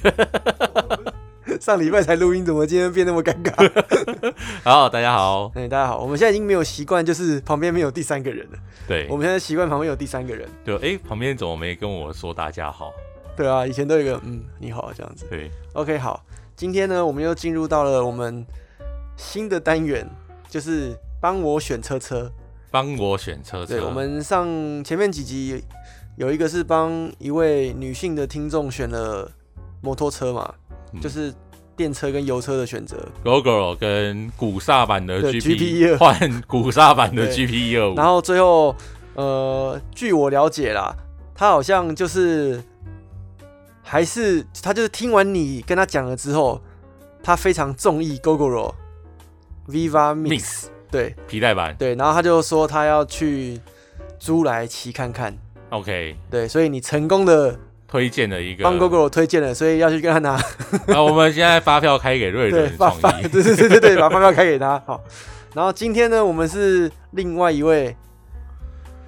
上禮拜才錄音，怎麼今天變那麼尷尬？ 好，好，大家好，哎、欸，大家好，我們現在已經沒有習慣，就是旁邊沒有第三個人了。對，我們現在習慣旁邊有第三個人。對，哎、欸，旁邊怎麼沒跟我說大家好？對啊，以前都有一個嗯，你好這樣子。對，OK，好，今天呢，我們又進入到了我們新的單元，就是幫我選車車，幫我選車車。對，我們上前面幾集有一個是幫一位女性的聽眾選了。摩托車嘛，嗯、就是電車跟油車的選擇。Gogoro 跟古剎版的 GP125 換古剎版的 GP125，然後最後，呃，據我了解啦，他好像就是還是他就是聽完你跟他講了之後，他非常中意 Gogoro，Viva Mix Mix, 對皮帶版對，然後他就說他要去租來騎看看。OK，對，所以你成功的。推薦的一個，幫哥哥我推薦了，所以要去跟他拿。那我們現在發票開給瑞仁創意，對對對對，把發票開給他。好，然後今天呢，我們是另外一位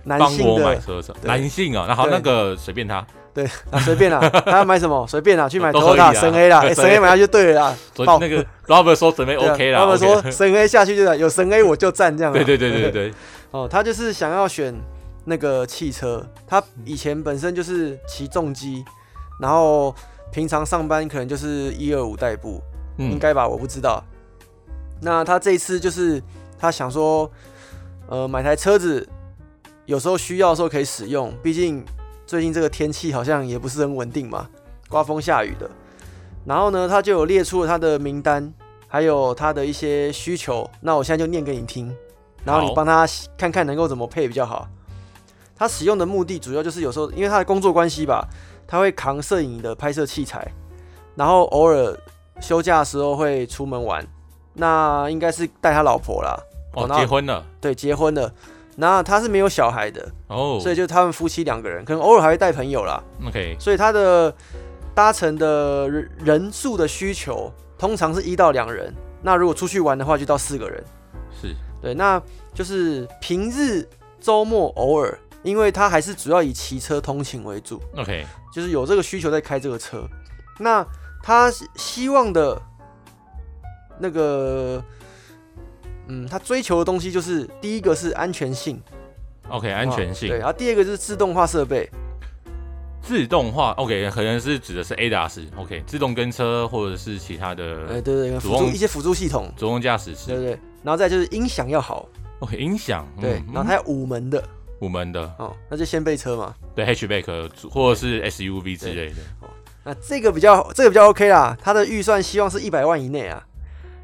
男性的男性啊，然後那個隨便他，對，隨便啦，他要買什麼隨便啦，去買多塔神 A 啦，神 A 買下就對了。哦，那個老闆說準備 OK 了，老闆說神 A 下去就是有神 A 我就讚這樣。對對對對對，哦，他就是想要選。那個汽車，他以前本身就是騎重機，然後平常上班可能就是一二五代步，嗯、應該吧，我不知道。那他這一次就是他想說，呃，買台車子，有時候需要的時候可以使用。畢竟最近這個天氣好像也不是很穩定嘛，刮風下雨的。然後呢，他就有列出了他的名單，還有他的一些需求。那我現在就念給你聽，然後你幫他好看看能夠怎麼配比較好。他使用的目的主要就是有時候，因為他的工作關係吧，他會扛攝影的拍攝器材，然後偶爾休假的時候會出門玩，那應該是帶他老婆啦。哦，然後，結婚了？對，結婚了。那他是沒有小孩的哦，oh. 所以就他們夫妻兩個人，可能偶爾還會帶朋友啦。OK。所以他的搭乘的人數的需求通常是一到兩人，那如果出去玩的話就到四個人。是。對，那就是平日、週末偶爾。因為他還是主要以騎車通勤為主，OK，就是有這個需求在開這個車。那他希望的，那個，嗯，他追求的東西就是第一個是安全性，OK，安全性，對，然後第二個就是自動化設備，自動化，OK，可能是指的是 ADAS，OK，自動跟車或者是其他的，哎，對，對對，輔助一些輔助系統，主動駕駛是，對，對對，然後再就是音響要好，哦、okay，音響，嗯，對，然後它要五門的。五門的哦，那就先備車嘛。對 Hatchback 或者是 SUV 之類的，哦。那這個比較這個比較 OK 啦。他的預算希望是一百萬以內啊，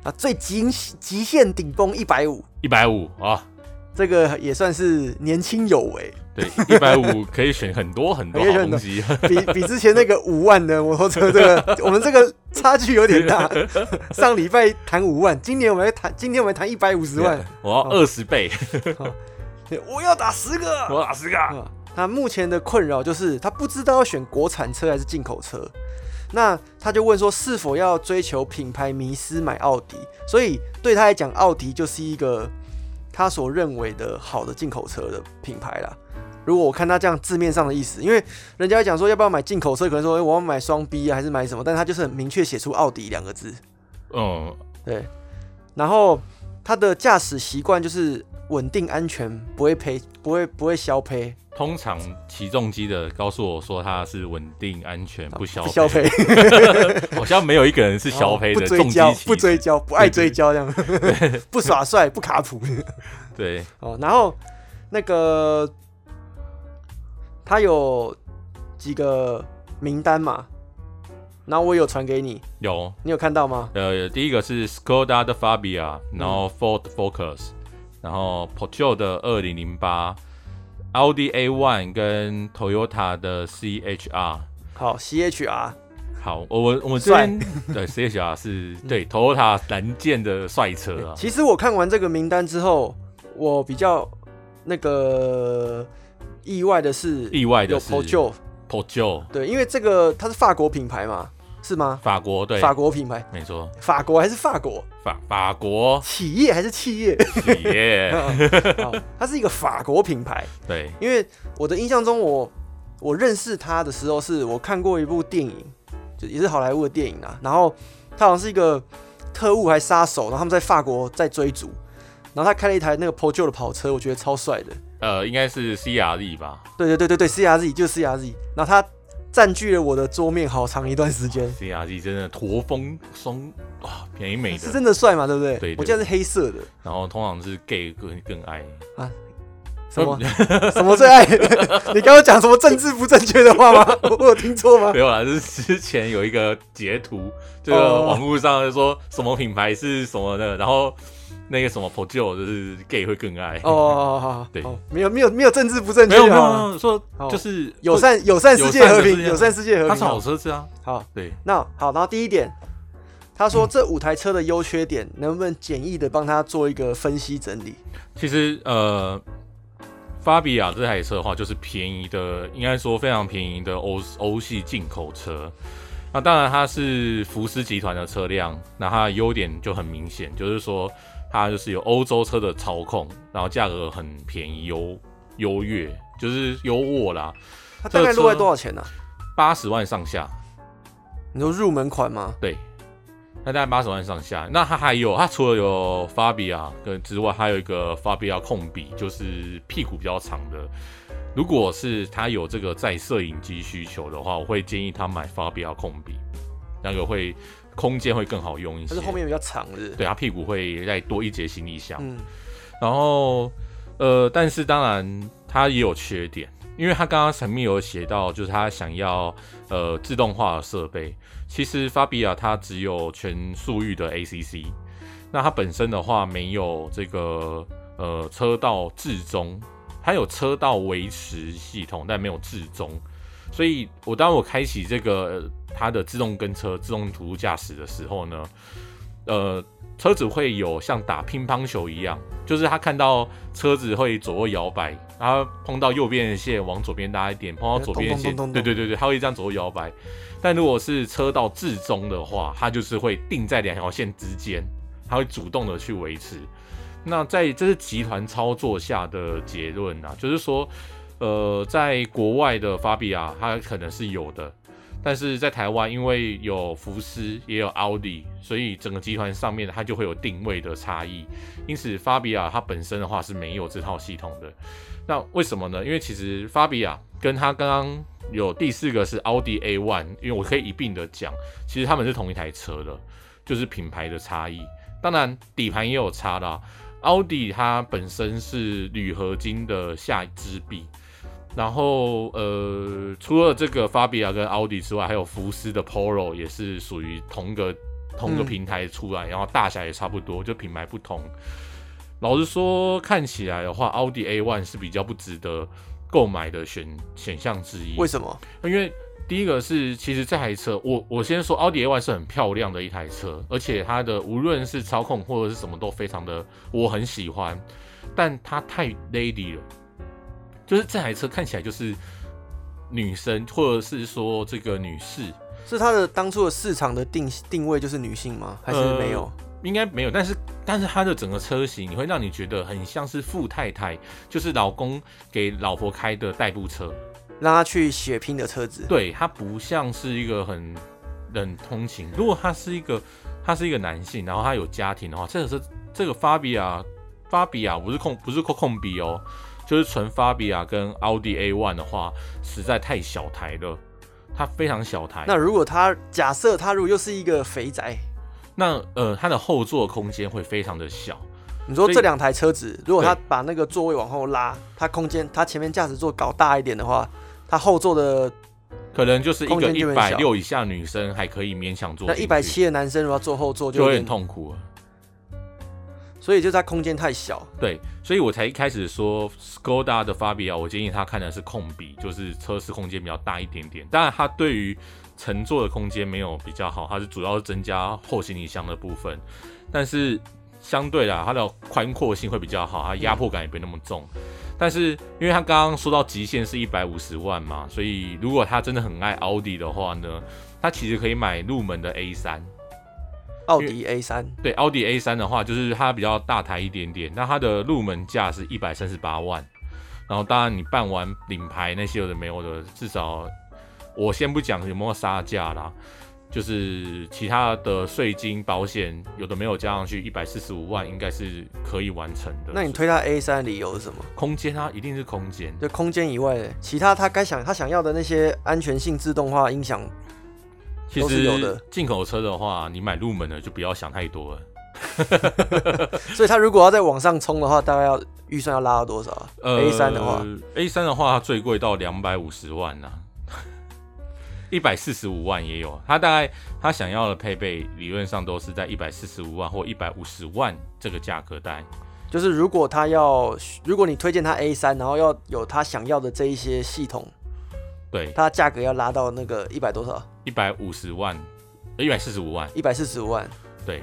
啊，最極極限頂峰一百五。一百五啊，這個也算是年輕有為。對，一百五可以選很多很多東西。 比比之前那個五萬的摩托車，這個，對 我們這個差距有點大。上禮拜談五萬，今年我們要談，今天我們談一百五十萬。Yeah, 我要二十倍。哦哦我要打十個，我打十個、嗯。他目前的困擾就是他不知道要選國產車還是進口車。那他就問說是否要追求品牌迷思買奧迪？所以對他來講，奧迪就是一個他所認為的好的進口車的品牌啦。如果我看他這樣字面上的意思，因為人家講說要不要買進口車，可能說、欸、我要買雙 B 啊，還是買什麼？但他就是很明確寫出奧迪兩個字。嗯，對。然後他的駕駛習慣就是。穩定安全，不會賠，不會不會消賠。通常騎重機的告訴我說他是穩定安全，好不消不賠消。 好像沒有一個人是消賠的。不追焦重不追焦，不愛追焦這樣。不耍帥，不卡普。 對哦，然後那個他有幾個名單嘛？然後我有傳給你。有，你有看到嗎？呃，第一個是 Skoda 的 Fabia，然後 Ford Focus。嗯然後，Peugeot 的二零零八，Audi A1 跟 Toyota 的 CHR。好，CHR。CH 好，我我我們這邊帥對，CHR 是、嗯、對，Toyota 藍箭的帥車啊。其實我看完這個名單之後，我比較那個意外的是，意外的是 Peugeot，Peugeot，對，因為這個它是法國品牌嘛。是嗎？法國，對，法國品牌沒錯。法國還是法國，法法國企業還是企業企業 它是一個法國品牌。對，因為我的印象中我，我我認識他的時候，是我看過一部電影，就也是好萊塢的電影啊。然後他好像是一個特務還殺手，然後他們在法國在追逐，然後他開了一台那個破舊的跑車，我覺得超帥的。呃，應該是 C R Z 吧？對對對對對，C R Z 就是 C R Z。然後他。佔據了我的桌面好長一段時間。啊、C R G 真的駝峰松便宜、啊、美，美的，是真的帥嘛？對不對？對對對，我記得是黑色的。然後通常是 gay 更更愛啊，什麼、嗯、什麼最愛？ 你剛剛講什麼政治不正確的話嗎？ 我有聽錯嗎？沒有啦，是之前有一個截圖，這個網絡上就說什麼品牌是什麼的，然後。那個什麼 p o j 就是 gay 會更愛哦哦哦，對沒，沒有沒有沒有政治不正確，沒有沒有說就是友善友善，世界和平友善，世界和平，他是，是好車子啊，好對。那好，然後第一點，他說這五台車的優缺點，能不能簡易的幫他做一個分析整理？嗯、其實呃，法比亞這台車的話，就是便宜的，應該說非常便宜的歐歐系進口車。那當然它是福斯集團的車輛，那它的優點就很明顯，就是說。它就是有歐洲車的操控，然後價格很便宜優優越，就是優沃啦。它大概落在多少錢呢、啊？八十萬上下。你說入門款嗎？對，那大概八十萬上下。那它還有，它除了有法比亞 a 之外，還有一個法比亞控筆，就是屁股比較長的。如果是他有這個在攝影機需求的話，我會建議他買法比亞控筆，那個會。空間會更好用一些，但是後面比較長日對，它屁股會再多一節行李箱。嗯，然後呃，但是當然它也有缺點，因為它剛剛神秘有寫到，就是他想要呃自動化的設備。其實 Fabia 它只有全速域的 ACC，那它本身的話沒有這個呃車道置中，它有車道維持系統，但沒有置中。所以我當我開啟這個。呃它的自動跟車、自動輔助駕駛的時候呢，呃，車子會有像打乒乓球一樣，就是他看到車子會左右搖擺，然後碰到右邊的線往左邊拉一點，碰到左邊線， 對對對對，它會這樣左右搖擺。但如果是車道置中的話，它就是會定在兩條線之間，它會主動的去維持。那在這是集團操作下的結論啊，就是說，呃，在國外的法比亞它可能是有的。但是在台灣，因為有福斯也有奧迪，所以整個集團上面它就會有定位的差異。因此，法比亞它本身的話是沒有這套系統的。那為什麼呢？因為其實法比亞跟它剛剛有第四個是奧迪 A1，因為我可以一併的講，其實它們是同一台車的，就是品牌的差異。當然，底盤也有差啦。奧迪它本身是鋁合金的下支臂。然後，呃，除了這個法比亞跟奧迪之外，還有福斯的 Polo 也是屬於同個同個平台出來，嗯、然後大小也差不多，就品牌不同。老實說，看起來的話，奧迪 A1 是比較不值得購買的選選項之一。為什麼？因為第一個是，其實這台車，我我先說，奧迪 A1 是很漂亮的一台車，而且它的無論是操控或者是什麼都非常的，我很喜歡，但它太 Lady 了。就是這台車看起來就是女生，或者是說這個女士，是它的當初的市場的定定位就是女性嗎？還是沒有？呃，應該沒有。但是但是它的整個車型會讓你覺得很像是富太太，就是老公給老婆開的代步車，讓她去血拼的車子。對，它不像是一個很很通勤。如果他是一個他是一個男性，然後他有家庭的話，這個是這個法比亞法比亞不是控不是控不是控比哦。就是純 Fabia 跟奧迪 A1 的話，實在太小台了，它非常小台。那如果它假設它如果又是一個肥宅，那呃它的後座空間會非常的小。你說這兩台車子，以如果它把那個座位往後拉，它對空間它前面駕駛座搞大一點的話，它後座的可能就是一個一百六以下女生還可以勉強坐。1 那一百七的男生如果坐後座就會有點，就會有點痛苦了。所以就在空間太小，對，所以我才一開始說 Skoda 的 Fabia，我建議他看的是控比，就是車室空間比較大一點點。當然，它對於乘坐的空間沒有比較好，它是主要是增加後行李箱的部分。但是相對的、啊，它的寬闊性會比較好，它壓迫感也沒那麼重。嗯、但是因為他剛剛說到極限是一百五十萬嘛，所以如果他真的很愛 Audi 的話呢，他其實可以買入門的 A3。奧迪 A 三，對，奧迪 A 三的話，就是它比較大台一點點，那它的入門價是一百三十八萬，然後當然你辦完領牌那些有的沒有的，至少我先不講有沒有殺價啦，就是其他的稅金、保險有的沒有加上去，一百四十五萬應該是可以完成的。那你推它 A 三理由是什麼？空間它啊，一定是空間。對，空間以外的，其他他該想他想要的那些安全性、自動化、音響。其實進口車的話，你買入門的就不要想太多了。 所以他如果要再往上衝的話，大概要預算要拉到多少？呃，A 三的話，A 三的話最貴到兩百五十萬呢、啊，一百四十五萬也有。他大概他想要的配備，理論上都是在一百四十五萬或一百五十萬這個價格帶。就是如果他要，如果你推薦他 A 三，然後要有他想要的這一些系統。對，它的價格要拉到那個一百多少？一百五十萬，呃，一百四十五萬，一百四十五萬。對，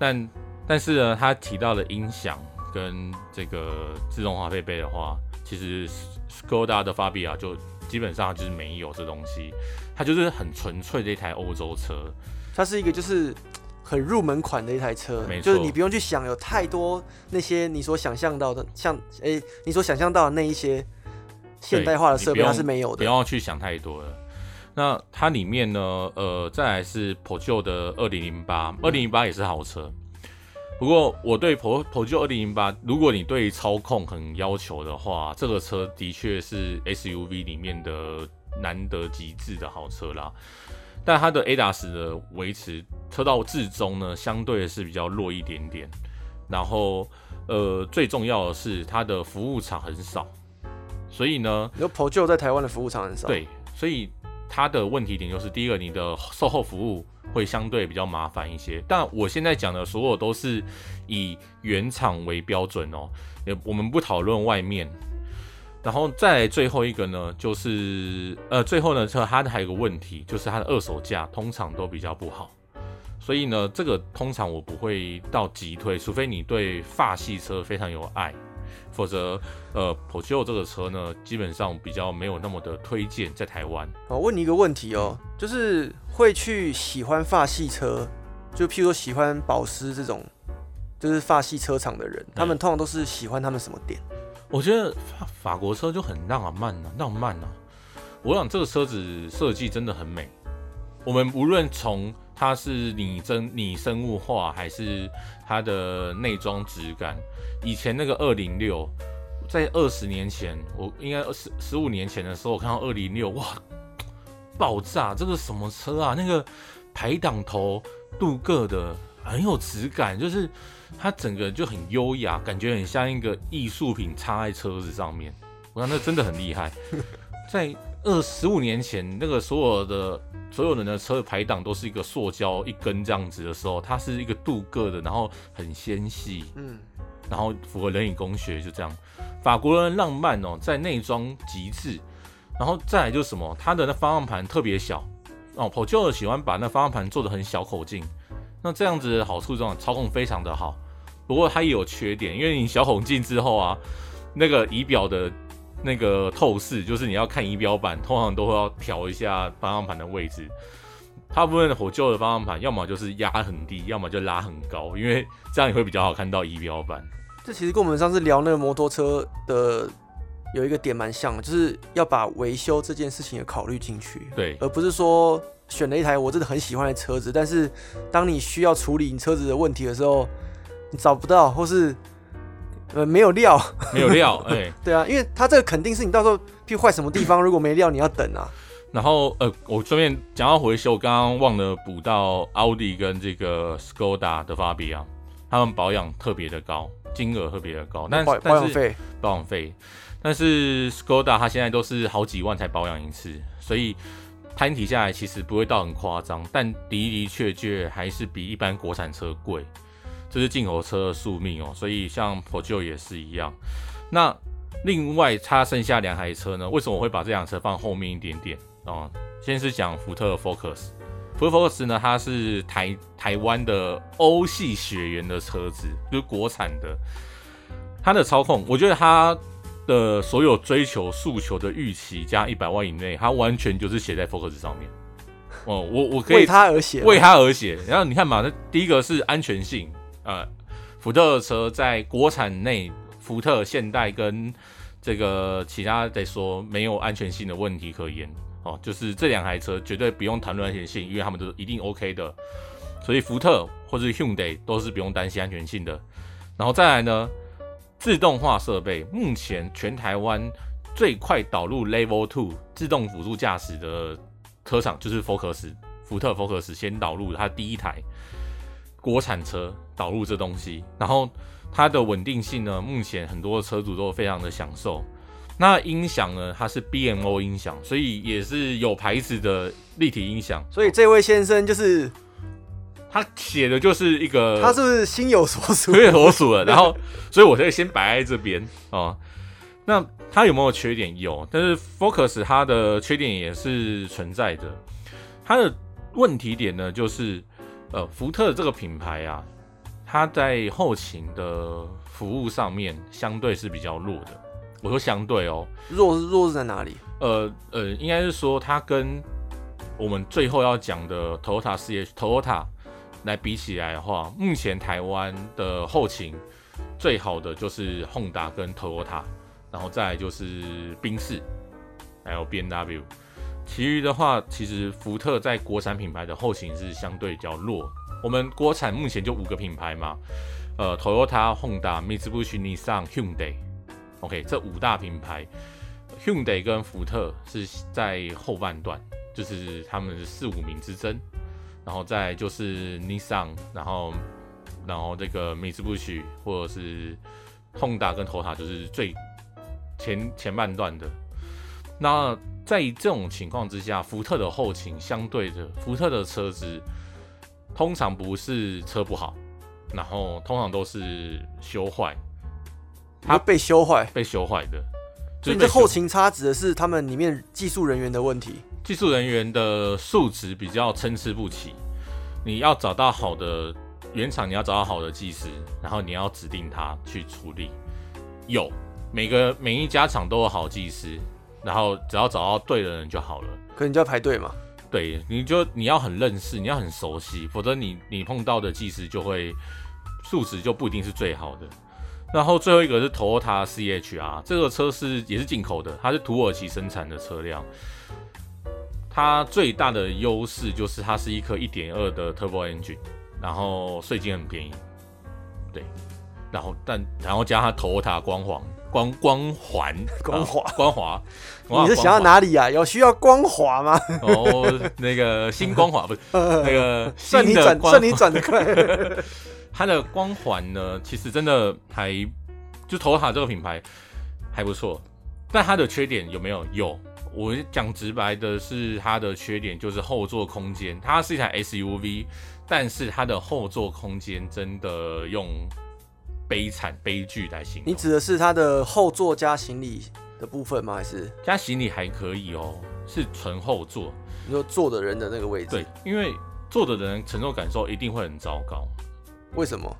但但是呢，它提到的音響跟這個自動化配備的話，其實 Skoda 的 Fabia 就基本上就是沒有這東西，它就是很純粹的一台歐洲車，它是一個就是很入門款的一台車，沒錯，就是你不用去想有太多那些你所想象到的，像誒、欸、你所想象到的那一些。現代化的設備它是沒有的，不要去想太多了。那它裡面呢，呃，再來是普舊的二零零八，二零零八也是好車。不過我對普普舊二零零八，如果你對操控很要求的話，這個車的確是 SUV 裡面的難得極致的好車啦。但它的 ADAS 的維持車道置中呢，相對的是比較弱一點點。然後，呃，最重要的是它的服務廠很少。所以呢，你說 Peugeot 在台灣的服務廠很少。對，所以它的問題點就是，第一個，你的售後服務會相對比較麻煩一些。但我現在講的所有都是以原廠為標準哦，也，我們不討論外面。然後再來最後一個呢，就是呃，最後呢，車它還有個問題，就是它的二手價通常都比較不好。所以呢，這個通常我不會到激推，除非你對法系車非常有愛。否則，呃，Porsche 這個車呢，基本上比較沒有那麼的推薦在台灣。我問你一個問題哦，就是會去喜歡法系車，就譬如說喜歡保時這種，就是法系車廠的人，他們通常都是喜歡他們什麼點？嗯、我覺得法法國車就很浪漫啊，啊，浪漫啊！我想這個車子設計真的很美，我們無論從。它是擬真、擬生物化，還是它的內裝質感？以前那個二零六，在二十年前，我應該十十五年前的時候，我看到二零六，哇，爆炸！這個什麼車啊？那個排擋頭鍍鉻的，很有質感，就是它整個就很優雅，感覺很像一個藝術品插在車子上面。我講那個、真的很厲害，在。二十五年前，那個所有的所有人的車的排檔都是一個塑膠一根這樣子的時候，它是一個鍍鉻的，然後很纖細，嗯，然後符合人因工學，就這樣。法國人的浪漫哦，在內裝極致，然後再來就是什麼，它的那方向盤特別小哦，保時捷喜歡把那方向盤做的很小口徑，那這樣子的好處就是操控非常的好，不過它也有缺點，因為你小口徑之後啊，那個儀表的。那個透視就是你要看儀表板，通常都會要調一下方向盤的位置。大部分火舊的方向盤，要麼就是壓很低，要麼就拉很高，因為這樣你會比較好看到儀表板。這其實跟我們上次聊那個摩托車的有一個點蠻像的，就是要把維修這件事情也考慮進去，對，而不是說選了一台我真的很喜歡的車子，但是當你需要處理你車子的問題的時候，你找不到或是。呃、嗯，沒有料， 沒有料，哎、欸，對啊，因為它這個肯定是你到時候，去壞什麼地方，如果沒料，你要等啊。然後，呃，我順便講到回修，剛剛忘了補到奧迪跟這個斯柯達的 Fabia，他們保養特別的高，金額特別的高，但是保養費保養費，但是斯柯達它現在都是好幾萬才保養一次，所以攤提下來其實不會到很誇張，但的的確確還是比一般國產車貴。這是進口車的宿命哦，所以像 Polo 也是一樣。那另外，它剩下兩台車呢？為什麼我會把這輛車放後面一點點啊？先是講福特的 Focus，福特 Focus 呢，它是台台灣的歐系血緣的車子，就是國產的。它的操控，我覺得它的所有追求訴求的預期，加一百萬以內，它完全就是寫在 Focus 上面。哦、嗯，我我可以為它而寫，為它而寫。然後你看嘛，那第一個是安全性。呃、嗯，福特的車在國產內，福特、現代跟這個其他得說沒有安全性的問題可言哦，就是這兩台車絕對不用談論安全性，因為他們都是一定 OK 的，所以福特或是 Hyundai 都是不用擔心安全性的。然後再來呢，自動化設備目前全台灣最快導入 Level Two 自動輔助駕駛的車廠就是 Focus，福特 Focus 先導入，它第一台國產車。導入這東西，然後它的穩定性呢，目前很多車主都非常的享受。那音響呢，它是 B M O 音響，所以也是有牌子的立體音響。所以這位先生就是他寫的就是一個，他是不是心有所屬、啊？心有所屬了。然後，所以我就先擺在這邊啊、 嗯。那它有沒有缺點？有，但是 Focus 它的缺點也是存在的。它的問題點呢，就是呃，福特這個品牌啊。他在後勤的服務上面相對是比較弱的。我說相對哦，弱是弱是在哪裡？呃呃，應該是說他跟我們最後要講的 Toyota CH Toyota 來比起來的話，目前台灣的後勤最好的就是 Honda 跟 Toyota，然後再來就是賓士還有 BMW，其餘的話其實福特在國產品牌的後勤是相對比較弱。我們國產目前就五個品牌嘛，呃，Toyota、Honda、Mitsubishi、Nissan、Hyundai。OK，這五大品牌，Hyundai 跟福特是在後半段，就是他們四五名之爭。然後再就是 Nissan，然後然後這個 Mitsubishi 或者是 Honda 跟 Toyota 就是最前前半段的。那在這種情況之下，福特的後勤相對的，福特的車子。通常不是車不好，然後通常都是修壞，它、啊、被修壞，被修壞的。就是、所以這後勤差指的是他們裡面技術人員的問題。技術人員的素質比較參差不齊，你要找到好的原廠，你要找到好的技師，然後你要指定他去處理。有每個每一家廠都有好技師，然後只要找到對的人就好了。可能你就要排隊嘛？對，你就你要很認識，你要很熟悉，否則你你碰到的技師就會素質就不一定是最好的。然後最後一個是 Toyota CHR，這個車是也是進口的，它是土耳其生產的車輛。它最大的優勢就是它是一顆一點二的 Turbo engine，然後稅金很便宜，對，然後但然後加上 Toyota 光環。光光環，光環光環，你是想要哪裡呀？有需要光滑嗎？哦，那個新光滑，不是 那個新光，算你轉，算你轉的快。 它的光環呢，其實真的還就 Toyota 這個品牌還不錯，但它的缺點有沒有？有，我講直白的是，它的缺點就是後座空間，它是一台 SUV，但是它的後座空間真的用。悲慘悲劇來形容，你指的是它的後座加行李的部分嗎？還是加行李還可以哦，是純後座，你說坐的人的那個位置。對，因為坐的人乘坐感受一定會很糟糕。為什麼？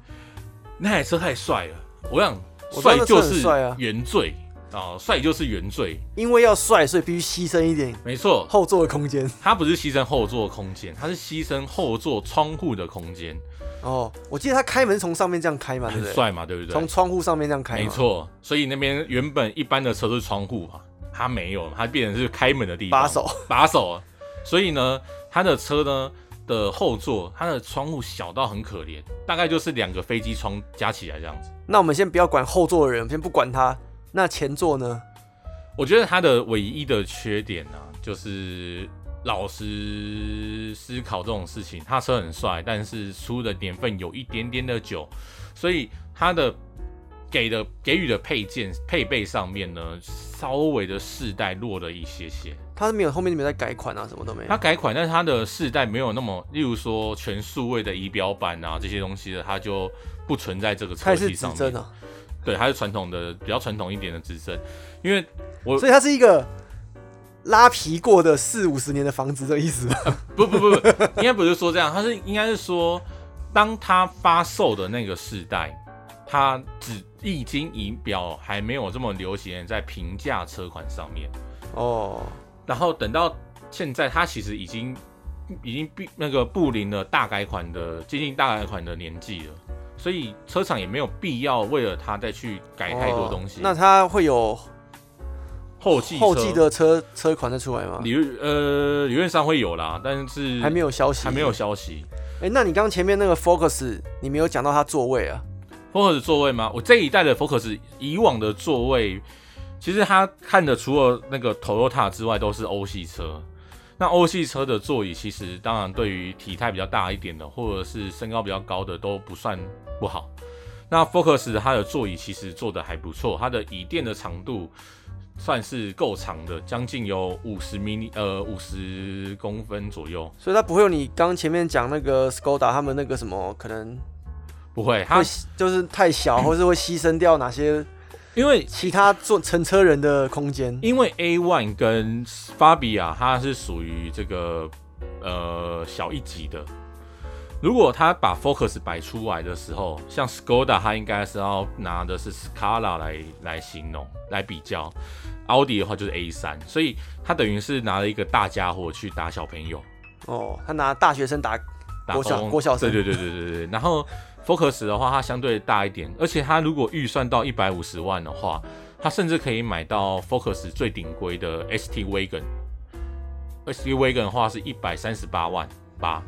那台車太帥了，我想帥就是帥啊，原罪啊，帥就是原罪。因為要帥，所以必須犧牲一點。沒錯，後座的空間，它不是犧牲後座的空間，它是犧牲後座窗戶的空間。哦，我記得他開門從上面這樣開嘛，對不對？很帥嘛，對不對？從窗戶上面這樣開嘛，沒錯。所以那邊原本一般的車都是窗戶嘛，他沒有，他變成是開門的地方把手，把手。 所以呢，他的車呢的後座，他的窗戶小到很可憐，大概就是兩個飛機窗加起來這樣子。那我們先不要管後座的人，先不管他。那前座呢？我覺得他的唯一的缺點呢、啊，就是。老實思考這種事情，他車很帥，但是出的年份有一點點的久，所以他的給的給予的配件配備上面呢，稍微的世代弱了一些些。它是沒有後面沒有在改款啊，什麼都沒有。它改款，但是它的世代沒有那麼，例如說全數位的儀表板啊這些東西的，它就不存在這個車系上面。啊、對，它是傳統的，比較傳統一點的指針。因為我，所以它是一個。拉皮過的四五十年的房子，這個意思、 啊、不不不不，應該不是說這樣，他是應該是說，當他發售的那個時代，它只液晶儀表還沒有這麼流行在平價車款上面。哦，oh. 然後等到現在，它其實已經已經那個布林了大改款的接近大改款的年紀了，所以車廠也沒有必要為了它再去改太多東西。Oh. 那它會有？後繼後繼的車車款再出來嗎？理論呃，理論上會有啦，但是還沒，還沒有消息，還沒有消息。誒，那你剛前面那個 Focus，你沒有講到它座位啊？Focus 座位嗎？我這一代的 Focus，以往的座位，其實他看的除了那個 Toyota 之外，都是歐系車。那歐系車的座椅，其實當然對於體態比較大一點的，或者是身高比較高的，都不算不好。那 Focus 它的座椅其實做得還不錯，它的椅墊的長度。算是夠長的，將近有五十米，呃，五十公分左右。所以它不會有你剛前面講那個 o d 達他們那個什麼，可能會不會，它就是太小，或是會犧牲掉哪些？因為其他坐乘車人的空間。因為 A one 跟 b 比 a 它是屬於這個呃小一級的。如果他把 Focus 擺出來的時候，像 Skoda，他應該是要拿的是 Scala 來來形容、來比較。Audi 的話就是 A3，所以他等於是拿了一個大傢伙去打小朋友。哦，他拿大學生打國小、打紅、國小生。對對對對對對。 然後 Focus 的話，它相對大一點，而且它如果預算到一百五十萬的話，它甚至可以買到 Focus 最頂規的 ST Wagon。ST Wagon 的話是一百三十八萬八。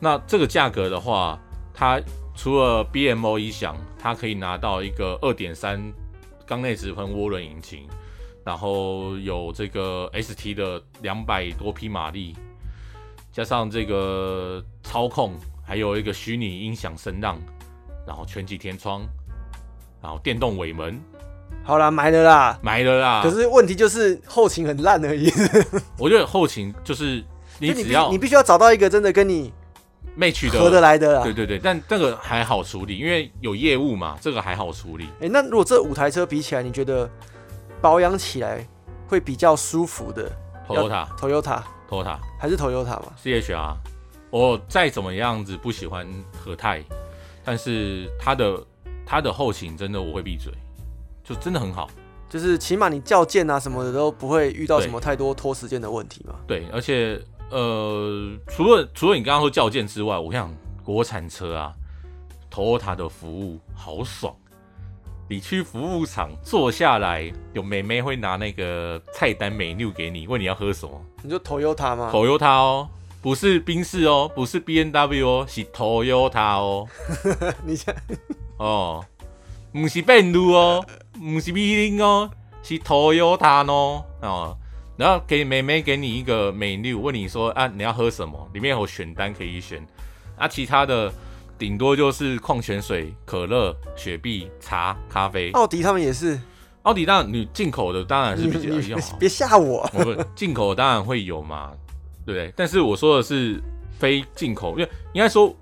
那這個價格的話，它除了 B M O 音響，它可以拿到一個二點三缸內直噴渦輪引擎，然後有這個 S T 的兩百多匹馬力，加上這個操控，還有一個虛擬音響聲浪，然後全景天窗，然後電動尾門。好啦，買了啦，買了啦。可是問題就是後勤很爛而已。 我覺得後勤就是你只要你必須要找到一個真的跟你、沒取得，合得來的，對對對，但這個還好處理、欸，因為有業務嘛，這個還好處理。誒，那如果這五台車比起來，你覺得保養起來會比較舒服的？Toyota，Toyota，Toyota，還是 Toyota 嘛？C-HR。我再怎麼樣子不喜歡和泰，但是它的它的後勤真的我會閉嘴，就真的很好，就是起碼你叫件啊什麼的都不會遇到什麼太多拖時間的問題嘛。對，而且。呃，除了除了你剛剛說較勁之外，我跟你講國產車啊，Toyota 的服務好爽，你去服務廠坐下來，有美眉會拿那個菜單 menu 給你，問你要喝什麼，你就 Toyota 嘛，Toyota 哦，不是賓士哦，不是 B N W 哦，是 Toyota 哦， 你講像 哦， 不是賓路哦，不是 b i 哦，是 Toyota 哦。然後給妹妹給你一個美女，問你說啊，你要喝什麼？裡面有選單可以選，啊，其他的頂多就是礦泉水、可樂、雪碧、茶、咖啡。奧迪他們也是，奧迪當然你進口的當然是比較好，哎。別嚇我，不進口當然會有嘛，對不對？但是我說的是非進口，因為應該說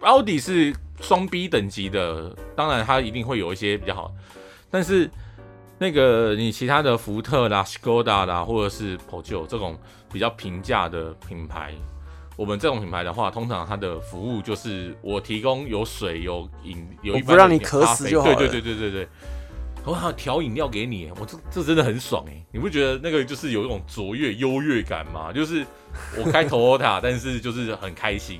奧迪是雙 B 等級的，當然它一定會有一些比較好，但是。那個你其他的福特啦、Skoda 啦，或者是 Peugeot 這種比較平價的品牌，我們這種品牌的話，通常它的服務就是我提供有水、有飲、有一杯咖啡，對對對對對對，我還要調飲料給你，我這這真的很爽哎、欸，你不覺得那個就是有一種卓越優越感嗎？就是我開 Toyota 但是就是很開心，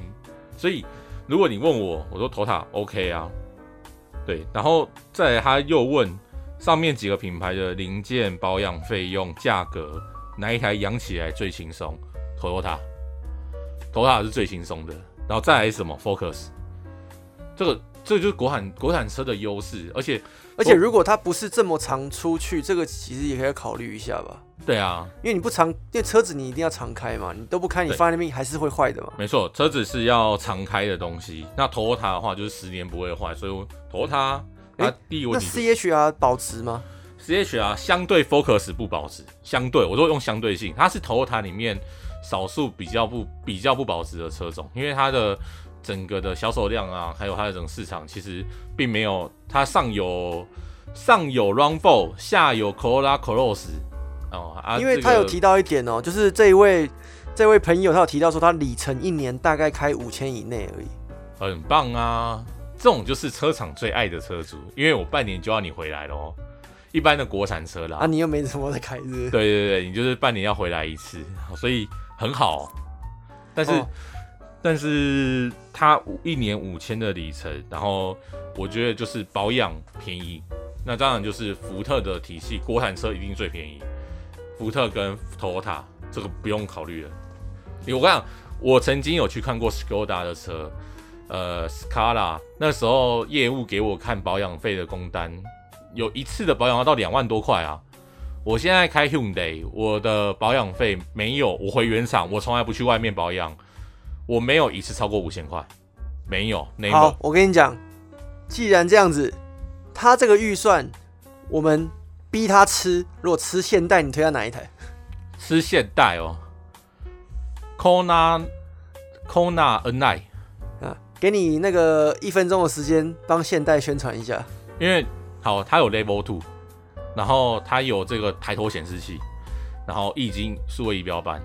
所以如果你問我，我說 Toyota OK 啊，對，然後再來他又問。上面幾個品牌的零件保養費用價格，哪一台養起來最輕鬆？陀觀它，陀觀它是最輕鬆的。然後再來什麼？Focus，這個這個、就是國產國產車的優勢。而且而且，如果它不是這麼常出去，這個其實也可以考慮一下吧。對啊，因為你不常，因為車子你一定要常開嘛，你都不開，你發那邊還是會壞的嘛。沒錯，車子是要常開的東西。那陀觀它的話，就是十年不會壞，所以途觀、嗯。啊是欸、那 CHR 保值嗎？CHR 相對 Focus 不保值，相對，我都用相對性，它是 Toyota 裡面少數比較不比較不保值的車種，因為它的整個的銷售量啊，還有它的整個市場其實並沒有，它上有上有 RAV4，下有 Corolla Cross 哦、啊這個，因為他有提到一點哦，就是這一位這一位朋友他有提到說他里程一年大概開五千以內而已，很棒啊。這種就是車廠最愛的車主，因為我半年就要你回來了哦。一般的國產車啦，啊，你又沒什麼在開支對對對，你就是半年要回來一次，所以很好、哦。但是，哦、但是它五一年五千的里程，然後我覺得就是保養便宜，那當然就是福特的體系，國產車一定最便宜。福特跟豐田這個不用考慮了。欸、我剛，我曾經有去看過 Skoda 的車。呃，Scala 那時候業務給我看保養費的工單，有一次的保養要到兩萬多塊啊！我現在開 Hyundai，我的保養費沒有，我回原廠，我從來不去外面保養，我沒有一次超過五千塊，沒有，沒有。好，我跟你講，既然這樣子，他這個預算，我們逼他吃。如果吃現代，你推他哪一台？吃現代哦，Kona，Kona A n n i 給你那個一分鐘的時間，幫現代宣傳一下。因為好，它有 Level Two，然後它有這個抬頭顯示器，然後液晶數位儀表板，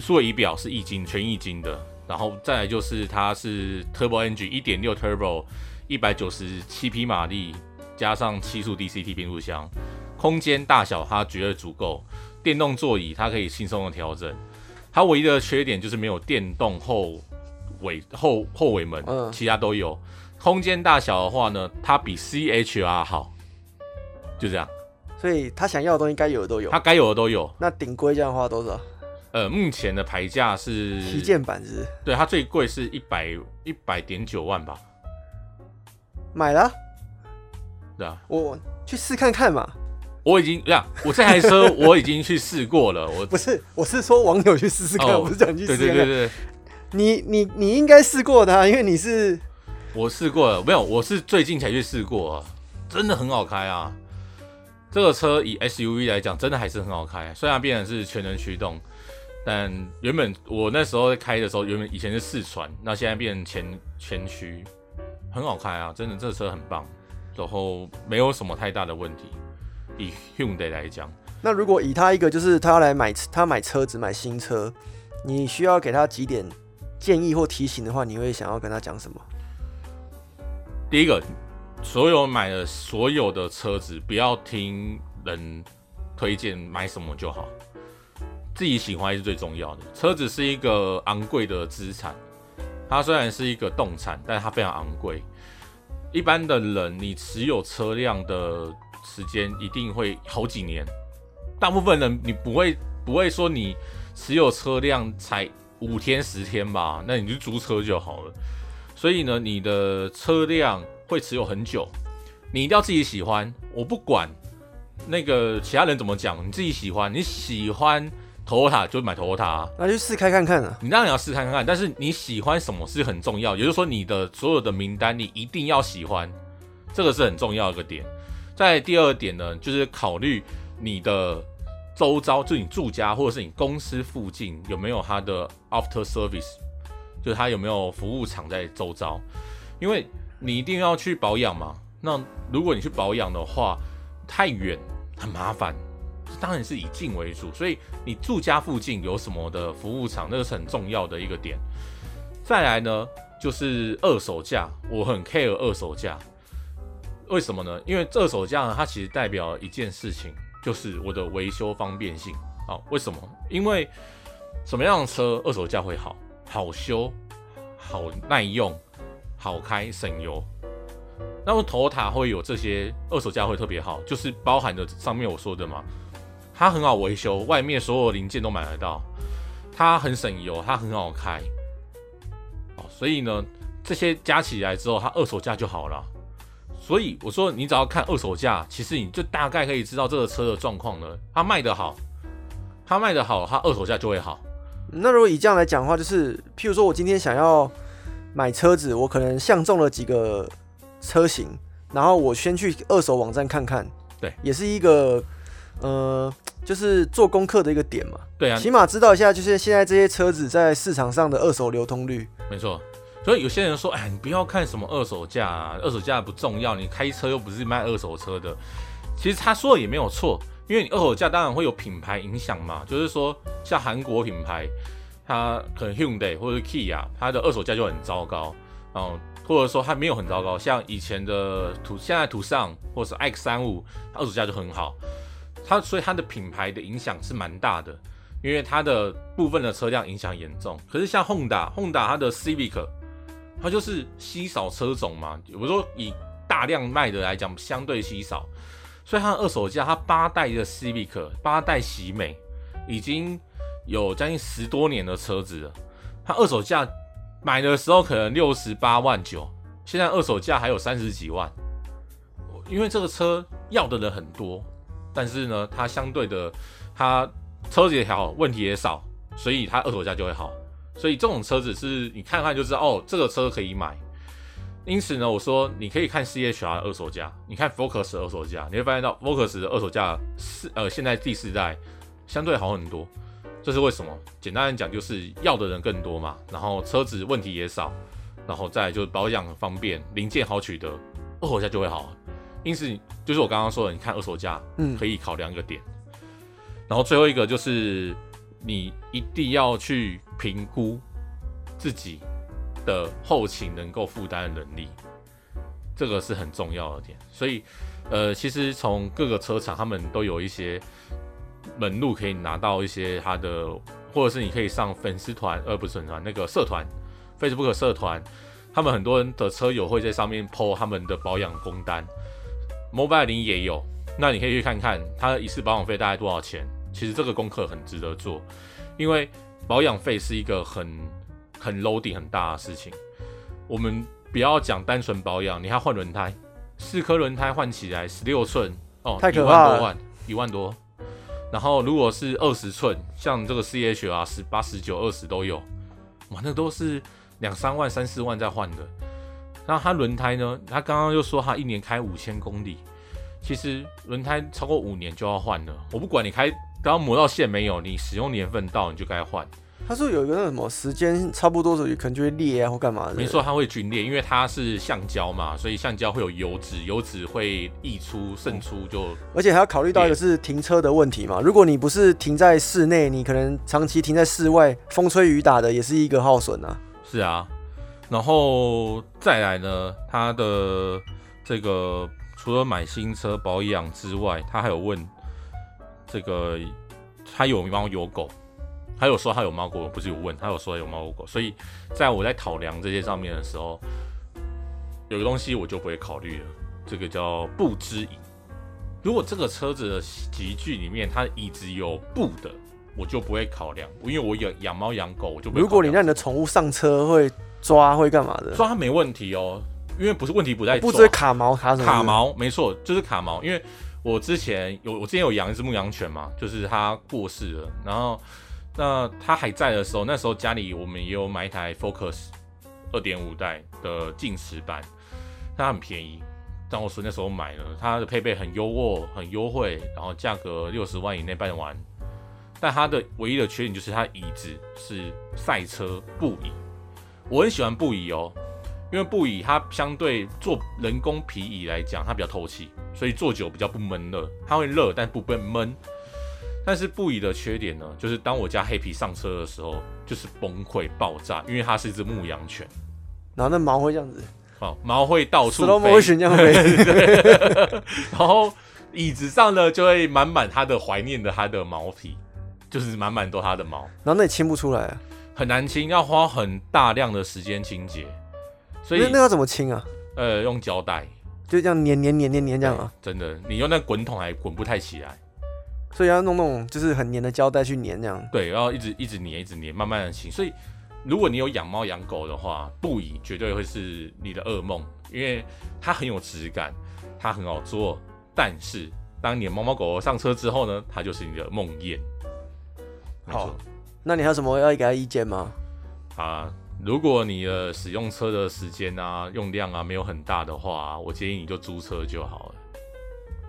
數位儀表是液晶，全液晶的。然後再來就是它是 NG, Turbo Engine 1.6 Turbo，一百九十七匹馬力，加上七速 DCT 變速箱，空間大小它絕對足夠。電動座椅它可以輕鬆的調整，它唯一的缺點就是沒有電動後。尾後後尾門，嗯，其他都有。空間大小的話呢，它比 C H R 好，就這樣。所以，他想要的東西，該有的都有。他該有的都有。那頂規這樣的話多少？呃，目前的牌價是旗艦版是？對，它最貴是一百一百點九萬吧。買了？對啊，我去試看看嘛。我已經這樣我這台車 我已經去試過了。我不是，我是說網友去試試看，哦、我不是講去試。對，對對對。你你你應該試過的、啊，因為你是我試過了，沒有，我是最近才去試過，真的很好開啊。這個車以 SUV 來講，真的還是很好開，雖然變成是全輪驅動，但原本我那時候在開的時候，原本以前是四驅，那現在變成前前驅，很好開啊，真的這個車很棒，然後沒有什麼太大的問題。以 Hyundai 來講，那如果以他一個就是他來買他買車子買新車，你需要給他幾點？建議或提醒的話，你會想要跟他講什麼？第一個，所有買的所有的車子，不要聽人推薦買什麼就好，自己喜歡是最重要的。車子是一個昂貴的資產，它雖然是一個動產，但它非常昂貴。一般的人，你持有車輛的時間一定會好幾年，大部分人你不會不會說你持有車輛才。五天十天吧，那你就租車就好了。所以呢，你的車輛會持有很久，你一定要自己喜歡。我不管那個其他人怎麼講，你自己喜歡，你喜歡 Toyota 就買 Toyota。啊，那就試開看看啊。你當然要試開看看，但是你喜歡什麼是很重要，也就是說你的所有的名單你一定要喜歡，這個是很重要的一個點。再第二點呢，就是考慮你的。周遭，就你住家或者是你公司附近有沒有它的 after service，就是它有沒有服務廠在周遭？因為你一定要去保養嘛。那如果你去保養的話，太遠很麻煩，當然是以近為主。所以你住家附近有什麼的服務廠，那個是很重要的一個點。再來呢，就是二手價，我很 care 二手價，為什麼呢？因為二手價它其實代表一件事情。就是我的維修方便性啊，哦？為什麼？因為什麼樣的車二手價會好？好修、好耐用、好開、省油？那麼頭塔會有這些，二手價會特別好，就是包含的上面我說的嘛，它很好維修，外面所有零件都買得到，它很省油，它很好開。哦，所以呢，這些加起來之後，它二手價就好了。所以我說，你只要看二手價，其實你就大概可以知道這個車的狀況了。它賣得好，它賣得好，它二手價就會好。那如果以這樣來講的話，就是譬如說我今天想要買車子，我可能相中了幾個車型，然後我先去二手網站看看。對，也是一個呃，就是做功課的一個點嘛。對啊，起碼知道一下，就是現在這些車子在市場上的二手流通率。沒錯。所以有些人說，哎，你不要看什麼二手價啊，二手價不重要。你開車又不是賣二手車的。其實他說的也沒有錯，因為你二手價當然會有品牌影響嘛，就是說像韓國品牌，它可能 Hyundai 或者 Kia 啊，它的二手價就很糟糕。嗯，或者說它沒有很糟糕，像以前的途，現在途尚或者是 X35，它二手價就很好。它所以它的品牌的影響是蠻大的，因為它的部分的車輛影響嚴重。可是像 Honda，Honda 它的 Civic。它就是稀少車種嘛，比如說以大量賣的來講，相對稀少，所以它的二手價，它八代的 Civic、八代喜美，已經有將近十多年的車子了。它二手價買的時候可能六十八萬九，現在二手價還有三十幾萬。因為這個車要的人很多，但是呢，它相對的，它車子也好，問題也少，所以它二手價就會好。所以這種車子是你看看就知道哦，這個車可以買。因此呢，我說你可以看 CHR 的二手價，你看 Focus 二手價，你會發現到 Focus 的二手價是呃現在第四代相對好很多。這是為什麼？簡單來講就是要的人更多嘛，然後車子問題也少，然後再就是保養方便，零件好取得，二手價就會好。因此就是我剛剛說的，你看二手價可以考量一個點。嗯、然後最後一個就是你一定要去。評估自己的後勤能夠負擔的能力，這個是很重要的點。所以，呃，其實從各個車廠他們都有一些門路可以拿到一些他的，或者是你可以上粉絲團，呃，不是粉絲團，那個社團，Facebook 社團，他們很多人的車友會在上面 PO 他們的保養工單。Mobile 零也有，那你可以去看看他一次保養費大概多少錢？其實這個功課很值得做，因為。保養費是一個很很 loading 很大的事情，我們不要講單純保養，你要換輪胎，四顆輪胎換起來十六寸哦，太可怕了，一萬多萬，一萬多，然後如果是二十寸，像這個 CHR 十八、十九、二十都有，哇，那都是兩三萬、三四萬再換的。那他輪胎呢？他剛剛又說他一年開五千公里，其實輪胎超過五年就要換了，我不管你開。然後磨到線沒有，你使用年份到你就該換。他說有一個那什麼時間差不多的時候，可能就會裂啊或乾嘛是不是。沒說它會龜裂，因為它是橡膠嘛，所以橡膠會有油脂，油脂會溢出滲出就。而且還要考慮到一個是停車的問題嘛，如果你不是停在室內，你可能長期停在室外，風吹雨打的也是一個耗損啊。是啊，然後再來呢，它的這個除了買新車保養之外，他還有問題。這個他有貓有狗，他有說他有貓狗，不是有問他有說有貓狗，所以在我在考量這些上面的時候，有個東西我就不會考慮了，這個叫布質椅。如果這個車子的級距裡面它椅子有布的，我就不會考量，因為我養養貓養狗，我就不會考，如果你讓你的寵物上車會抓會幹嘛的，抓它沒問題哦，因為不是問題不在抓，布質會卡毛卡什麼卡毛沒錯，就是卡毛，因為。我之前有，我之前有養一隻牧羊犬嘛，就是它過世了。然後，那它還在的時候，那時候家裡我們也有買一台 Focus 二點五代的進食版，但它很便宜，但我說那時候買了，它的配備很優渥，很優惠，然後價格六十萬以內辦完。但它的唯一的缺點就是它椅子是賽車布椅，我很喜歡布椅哦。因為布椅它相對做人工皮椅來講，它比較透氣，所以坐久比較不悶熱。它會熱，但不會悶。但是布椅的缺點呢，就是當我家黑皮上車的時候，就是崩潰爆炸，因為它是一隻牧羊犬、嗯，然後那毛會這樣子，哦、毛會到處，然後椅子上呢就會滿滿它的懷念的它的毛皮，就是滿滿都它的毛。然後那也清不出來、啊，很難清，要花很大量的時間清潔。所以那，那要怎麼清啊？呃，用膠帶，就這樣粘粘粘粘粘，這樣啊。真的，你用那滾筒還滾不太起來，所以要弄那種就是很黏的膠帶去粘這樣。對，要一直一直粘，一直粘，慢慢的清。所以如果你有養貓養狗的話，布椅絕對會是你的噩夢，因為它很有質感，它很好做，但是當你貓貓狗狗上車之後呢，它就是你的夢魘。好，那你還有什麼要給他意見嗎？好。啊如果你的使用車的時間啊、用量啊沒有很大的話、啊，我建議你就租車就好了。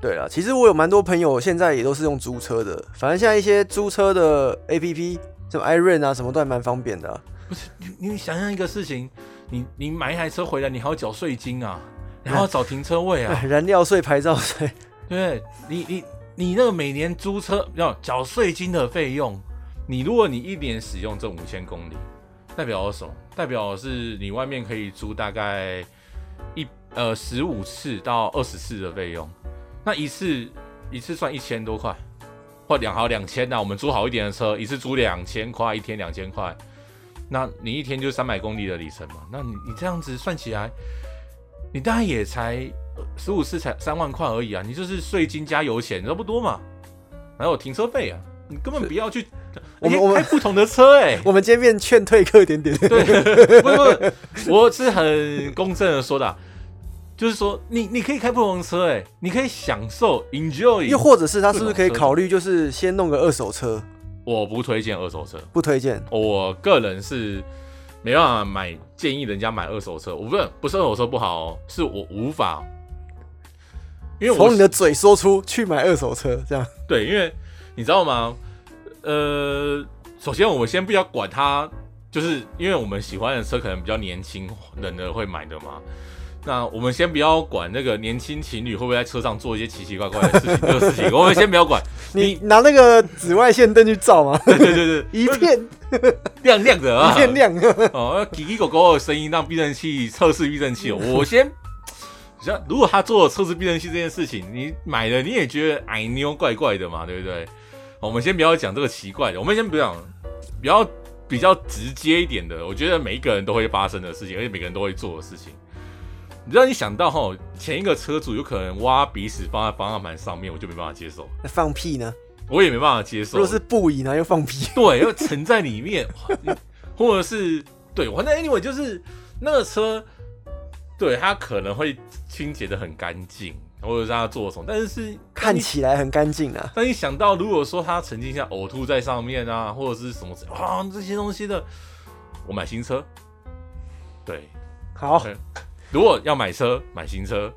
對啊，其實我有蠻多朋友現在也都是用租車的。反正像一些租車的 APP，什麼 iRent 啊什麼，都還蠻方便的、啊。不是你，你想象一個事情，你你買一台車回來，你還要繳稅金啊，啊然後要找停車位啊，啊燃料稅、牌照稅，對不對？你你你那個每年租車要繳稅金的費用，你如果你一年使用這五千公里，代表什麼？代表是你外面可以租大概一呃十五次到二十次的費用，那一次一次算一千多塊，或兩好兩千，那我們租好一點的車，一次租兩千塊，一天兩千塊，那你一天就三百公里的里程嘛？那你你這樣子算起來，你大概也才十五次才三萬塊而已啊！你就是稅金加油錢，這都不多嘛，還有停車費啊。你根本不要去，我們我們開不同的車哎、欸！ 我們見面勸退客一點點。對， 不是不是，我是很公正的說的、啊，就是說你你可以開不同的車哎、欸，你可以享受 enjoy 又或者是，他是不是可以考慮，就是先弄個二手車？我不推薦二手車，不推薦。我個人是沒辦法買，建議人家買二手車。我不是不是二手車不好、哦，是我無法。因為我從你的嘴說出去買二手車這樣？對，因為。你知道嗎？呃，首先我們先不要管他，就是因為我們喜歡的車可能比較年輕人的會買的嘛。那我們先不要管那個年輕情侶會不會在車上做一些奇奇怪怪的事情。 這個事情我們先不要管。你拿那個紫外線燈去照嗎？對你對對對， 一片亮亮的啊，一片亮的。 哦，狗狗狗狗的聲音讓避震器測試避震器，哦。 我先，像如果他做測試避震器這件事情，你買了你也覺得矮妞怪怪的嘛，對不對？好，我們先不要講這個奇怪的，我們先不要講，比較比較直接一點的，我覺得每一個人都會發生的事情，而且每個人都會做的事情。你知道你想到哈，前一個車主有可能挖鼻屎放在方向盤上面，我就沒辦法接受。那放屁呢？我也沒辦法接受。如果是布藝呢，又放屁？對，又沉在裡面， 或者是對，反正 anyway 就是那個車，對，它可能會清潔的很乾淨。或者是讓他做了什麼，但是但看起來很乾淨啊。但一想到，如果說他曾經像嘔吐在上面啊，或者是什麼啊，這些東西的，我買新車。對，好。Okay. 如果要買車，買新車，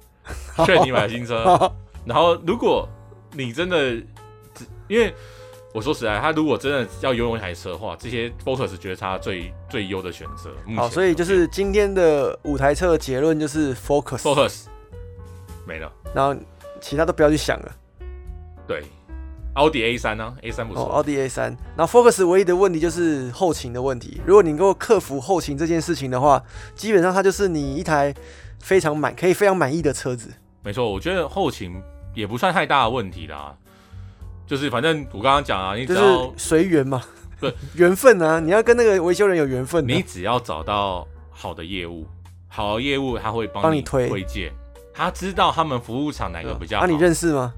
好勸你買新車。好然後，如果你真的，因為我說實在，他如果真的要擁有一台車的話，這些 Focus 覺得他最最優的選擇。好，所以就是今天的五台車的結論就是 Focus。沒了，然後其他都不要去想了。對，奧迪 A 三呢、啊、？A 三不錯。奧迪、oh, A 三，然後 Focus 唯一的問題就是後勤的問題。如果你能夠克服後勤這件事情的話，基本上它就是你一台非常滿、可以非常滿意的車子。沒錯，我覺得後勤也不算太大的問題啦。就是反正我剛剛講啊，你只要隨緣嘛，不緣對分啊，你要跟那個維修人有緣分。你只要找到好的業務，好的業務他會幫你推推薦。他知道他們服務廠哪個比較好？那、哦啊、你認識嗎？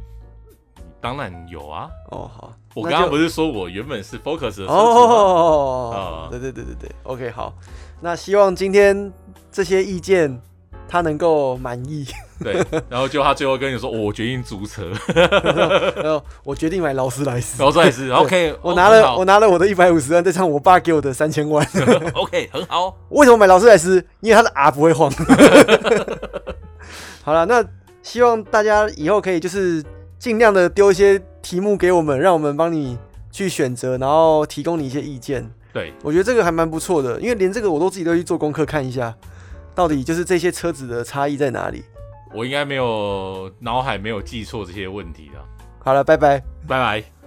當然有啊。哦，好。我剛剛不是說我原本是 Focus 的設計嗎？哦，對、哦、對對對對。OK，好。那希望今天這些意見他能夠滿意。對。然後就他最後跟你說，我決定租車。然後，然後我決定買勞斯萊斯。勞斯萊斯。對 OK，我拿了、哦、我拿了我的一百五十萬，加上我爸給我的三千萬。 OK，很好。為什麼買勞斯萊斯？因為他的 R 不會晃。 好了，那希望大家以後可以就是盡量的丟一些題目給我們，讓我們幫你去選擇，然後提供你一些意見。對，我覺得這個還蠻不錯的，因為連這個我都自己都去做功課看一下，到底就是這些車子的差異在哪裡。我應該沒有腦海沒有記錯這些問題啊。好了，拜拜，拜拜。